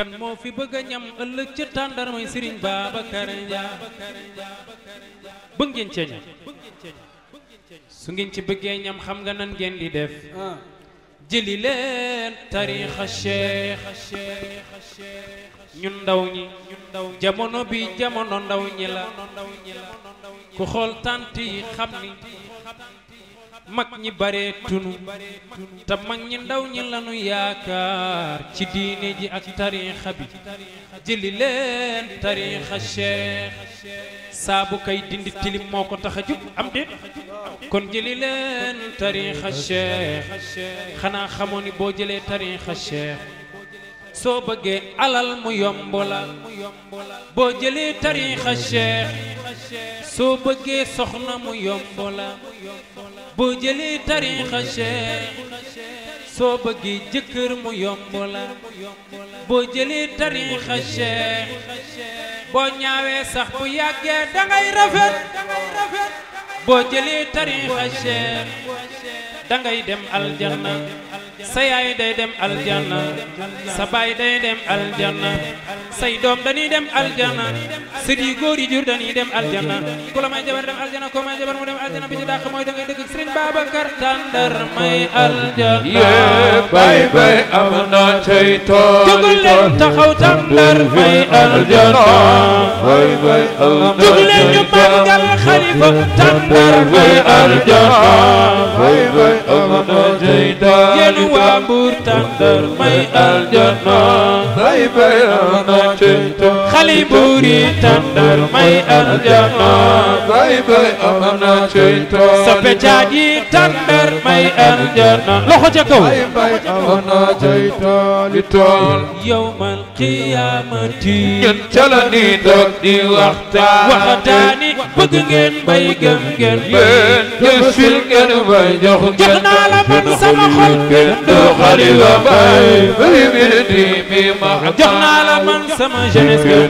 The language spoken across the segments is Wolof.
kan moo fi bëgg a ñam ëllëg ca tàndar mooy Serigne Babacar Ndiaye bëgg ngeen ca su ngeen ci bëggee ñam xam nga nan ngeen di def jëli leen tariixa Cheikh ñun ndaw jamono bi jamono ndaw ñi la ku xool tànt yi xam ni mag ñi bareetunu te mag ñi ndaw ñi lanu yaakaar ci diine ji ak tariixa bi jëli leen tariixa cheikh saabu kay dindi tilim moo ko tax a jub am déet kon jëli leen tariixa cheikh xanaa xamoo ni boo jëlee tariixa cheikh soo bëggee alal mu yomb la boo jëlee tariixa cheikh soo bëggee soxna mu yomb la boo jëlee tariixa cheikh soo bëggee jëkkër mu yomb la boo jëlee tariixa cheikh boo ñaawee sax bu yàggee dangay rafet boo jëlee tariixa cheikh dangay dem aljanna sa yaay day dem aljanna sa baay day dem aljanna say doom dañuy dem aljanna sët yi góor yi jur dañuy dem aljanna ku la may jabar dem aljanna ko may jabar mu dem aljanna bi ci dàq mooy da ngay dëkk Serigne Babacar Tandar may aljanna yee bay bay am na cey tool jógul leen taxaw Tandar may aljanna bay bay bay bay am Babur tandar may aljana bay bay rana ceytan ali buri tandar may aljana bay bay amana ceyto soppe jaaji tandar may aljana loxo ca kaw bay bay amana ceyto li tool yawmal qiyamati ngeen calani dog di waxtaan waxtaani bëgg ngeen bay gëm ngeen bay jëfil ngeen bay jox ngeen jox naa la man sama xol ngeen doxali wa bay bay mi di mi ma jox naa la man sama jeunesse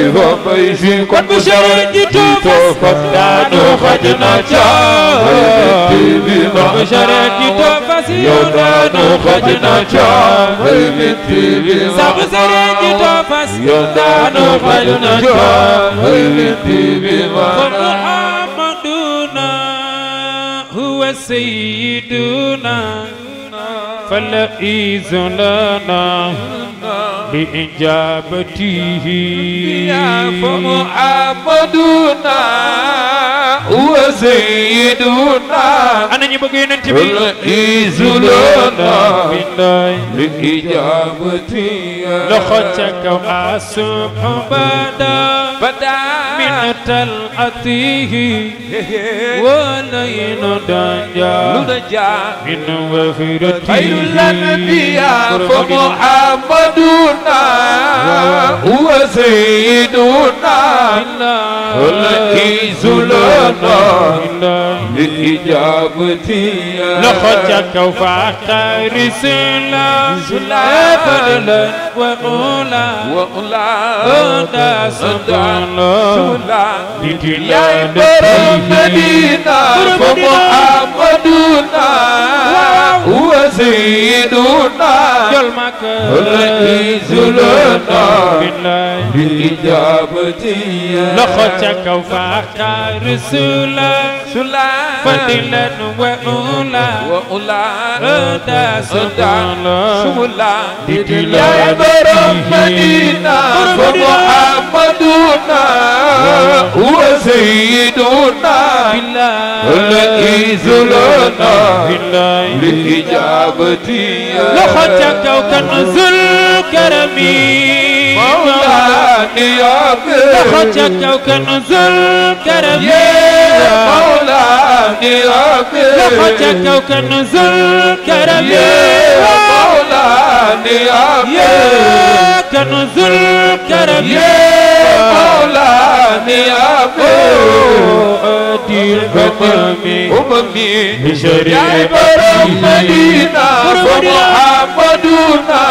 وبيشي قد بشرجت ففتان خجنا شاه بشرجت فسيودان خجنا شاه سبسرجت فسيودان خجنا شاه محمدنا هو سيدنا فلا إذن لنا لإجابته يا فمحمدنا وسيدنا أنا نبغي ينتبه إزلنا لإجابته لخطك أسوق بدا بدا نعت الأتيه ولين دنجا من وفرته خير الأنبياء فمحمدنا هو سيد إجابتي لخجك وفاق رسلا سلافلا وقولا وقولا سدانا لجلال مدينة فمحمدنا هو سيدنا كل مكان لإجابتي وابتيا لخوتك وفاقا رسولا فضلا وأولا وأولا أدا سدالا شمولا يا برمدينا فمحمدنا هو سيدنا الذي زلنا لإجابتي لخوتك وكنز الكرمين يا خجك وكان نزل كرم يا مولاي يا خجك وكان نزل كرم يا مولاي يا كان نزل كرم يا مولاي يا دين بطمي أممي شريعة مدينة فمحمدنا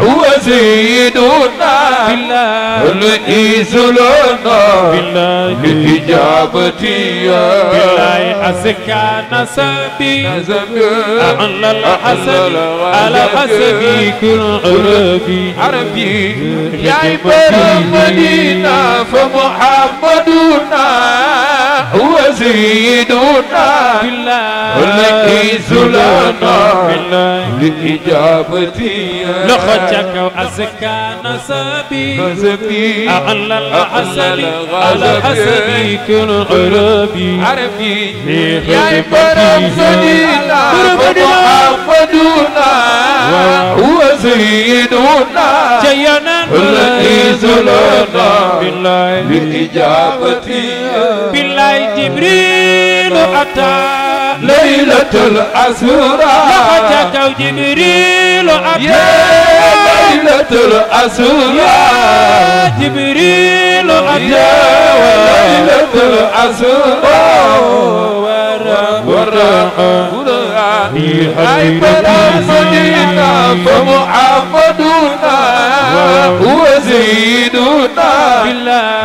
هو سيدنا الإيزلنا بإجابتي بالله حسك نسبي أعلى الحسن على حسبي يا إبر المدينة فمحمدنا هو سيدنا ولك زلنا لإجابتي لخجك وأزكى نسبي نسبي أعلى العسل على حسبي كل عربي عربي يا برم سيدنا برم محمدنا هو سيدنا جينا ولك زلنا لإجابتي جبريل أتى ليلة الأسرى لحجة جبريل أتى يا ليلة الأسرى جبريل أتى يا ليلة الأسرى ورق ورق أي فلاسدنا فمحمدنا هو سيدنا بالله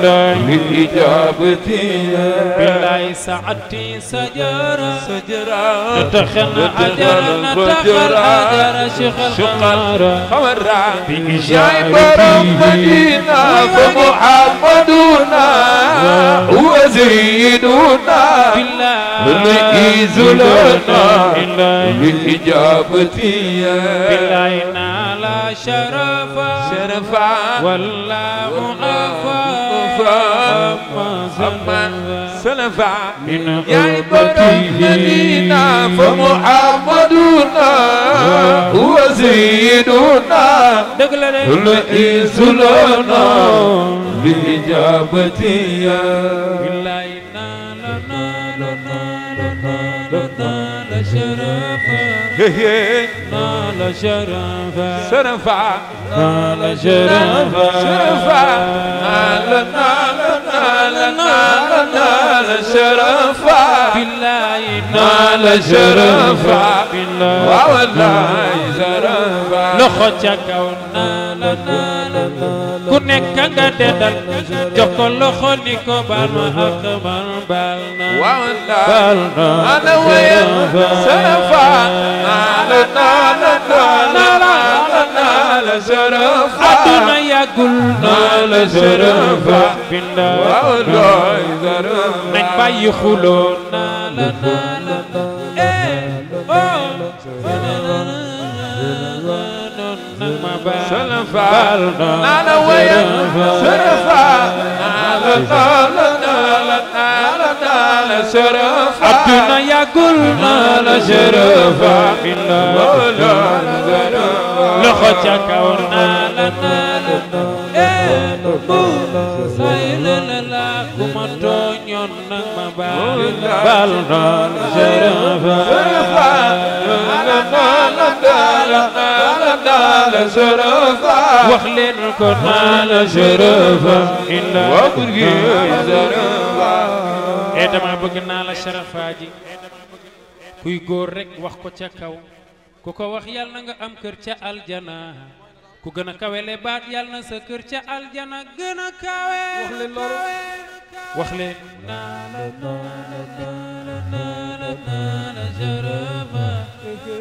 لإجابتنا بالله سعدتي سجرة سجرة نتخن عجرة نتخن عجرة شيخ الخمارة خمرة مدينة فمحمدنا هو بالله زلنا بالله نال شرفا شرفا والله عفا أما سلفا يا إبراهيم مدينة فمحمدنا هو سيدنا رئيس لنا بإجابتي بالله إنا لنا لنا لنا لنا شرفا la sharafa billah wa wallahi sharafa loxo ca kaw naa la naa la ku nekk nga dedal jox ko loxo ni ko baal ma ak man baal naa wa wallahi ana wa sharafa naa la naa la naa la la sërëf àdduna yàggul naa la sërëf bindaa waaw looy sërëf nañ bàyyi xuloo naa la naa la eh oh sërëf naa la wéyal sërëf naa la naa la لشرف الدنيا قلنا لشرف منا مولانا زنوف لخجك ورنا لنا لنا سيلنا لكم الدنيا نغم بالنا لشرف لنا لشرفا واخلنا كنا لشرفا إلا وقرقي زرفا ee eh, dama bëgg naa la sharafaa ji kuy góor rekk wax ko ca kaw ku ko wax yàlla na nga am kër ca aljana ku gën a kawele baat yàlla na sa kër ca aljana gën a kawe wax leen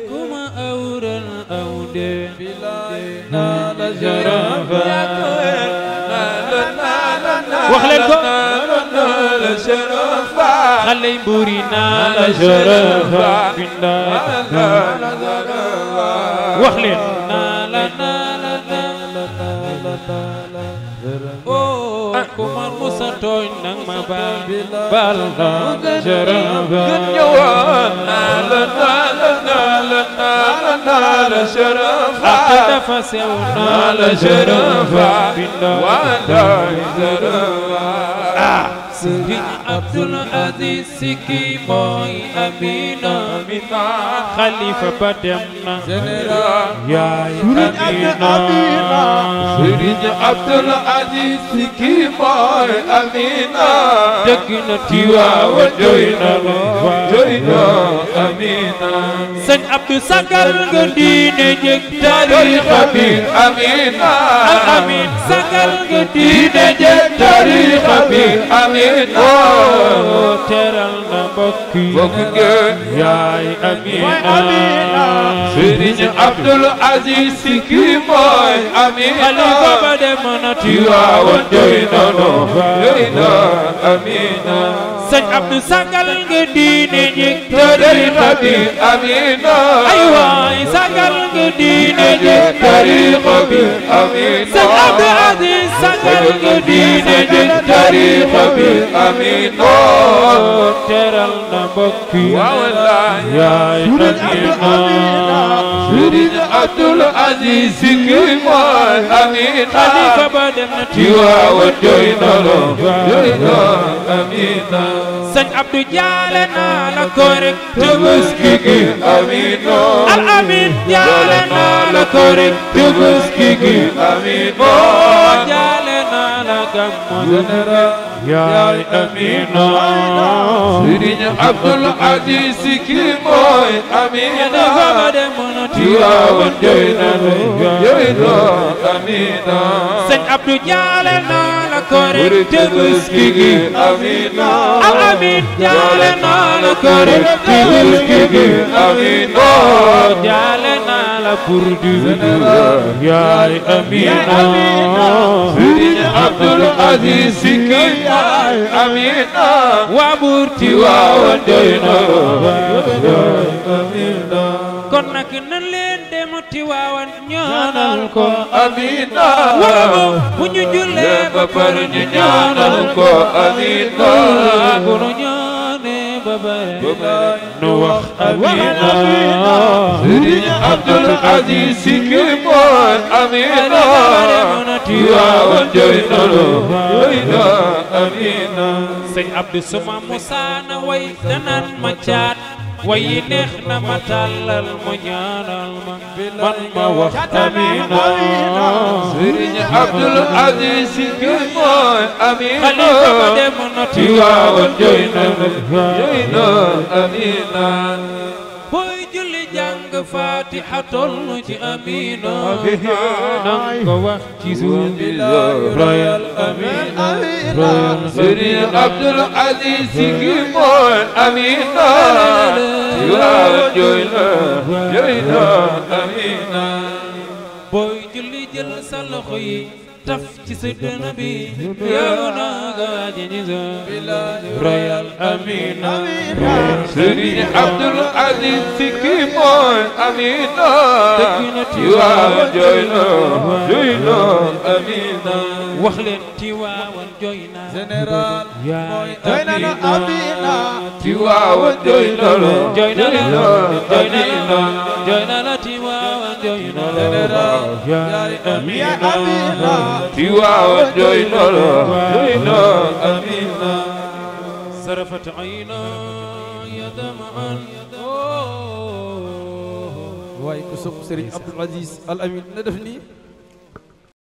ku ma awran aw deen naa la sharafaa wax leen ko la sharafa xale mburi naa la sharafa wax leen naa la naa la oh ku ma musa tooñ nang ma baal baal naa la sharafa gën ñëwoon naa la naa la naa la naa la sharafa dafa sew naa la sharafa waa daa sharafa sëriñ Abdul Aziz Sikki mooy Amina Amina xalifa ba dem na général yaay Amina sëriñ Abdul Aziz Sikki mooy Amina dëgg na Tiwaawa doy na la doy na Amina sëñ Abdou sagal nga diine jëg tariixa bi Amina al Amin sagal nga diine jëg tariixa amit oo teral na mbokk yi mbokk ngeen yaay Amina Serigne Abdoul Aziz Si kii mooy Amina Ali Baba dem na Tiwaawan doy na noo doy na Amina sëñ Abdou sagal nga diine ñi te tariqa bi Amina ay waay sagal nga diine ñi tariqa bi Amina sëñ Abdou Aziz sagal diine jën tariixa bi amin oo teral na mbokk yi yaay amina Sëriñ Abdul Aziz Si kii mooy amina ci waawan doy na loo doy na amina Sëñ Abdou jaale naa la ko rek Tabaski gi amina amin yàlla na la ko rek te bés gi amin boo jaale kam mudara yaay amina Abdu jaale naa la korite Tabaski gi amina al amina كردونا يا أمينة سيدي عبد العزيز سكي يا أمينة وابورتي وودينا يا أمينة كنا كنا لين demati waawan ñaanal ko amina waaw bu ñu jullee ba pare ñu ñaanal ko amina bu ñu ñaan nu wax amina sëriñ Abdul Aziz Si ngir moon amina Tiwaawan jooy noonu jooy na amina sëñ Abdu suma musaana way danaan ma caat way yi neex na ma tàllal mu ñaanal ma man ma wax amina sëriñ Abdul Aziz Si ngir moon amina na Tiwaawan jooy na jooy na Amina booy julli jàng Faatiha tollu ci Amina nan ko wax ci suuf bi royal Amina royal Sëriñ Abdul Aziz Si ki mooy Amina Tiwaawan jooy booy julli jël sa loxo yi taf ci sa dënn bi amina Serigne Abdoul Aziz Sikki amina Tiwaawan amina wax amina سرفت عينا يا دمعا واي كسوم سيري عبد العزيز الامين ندفني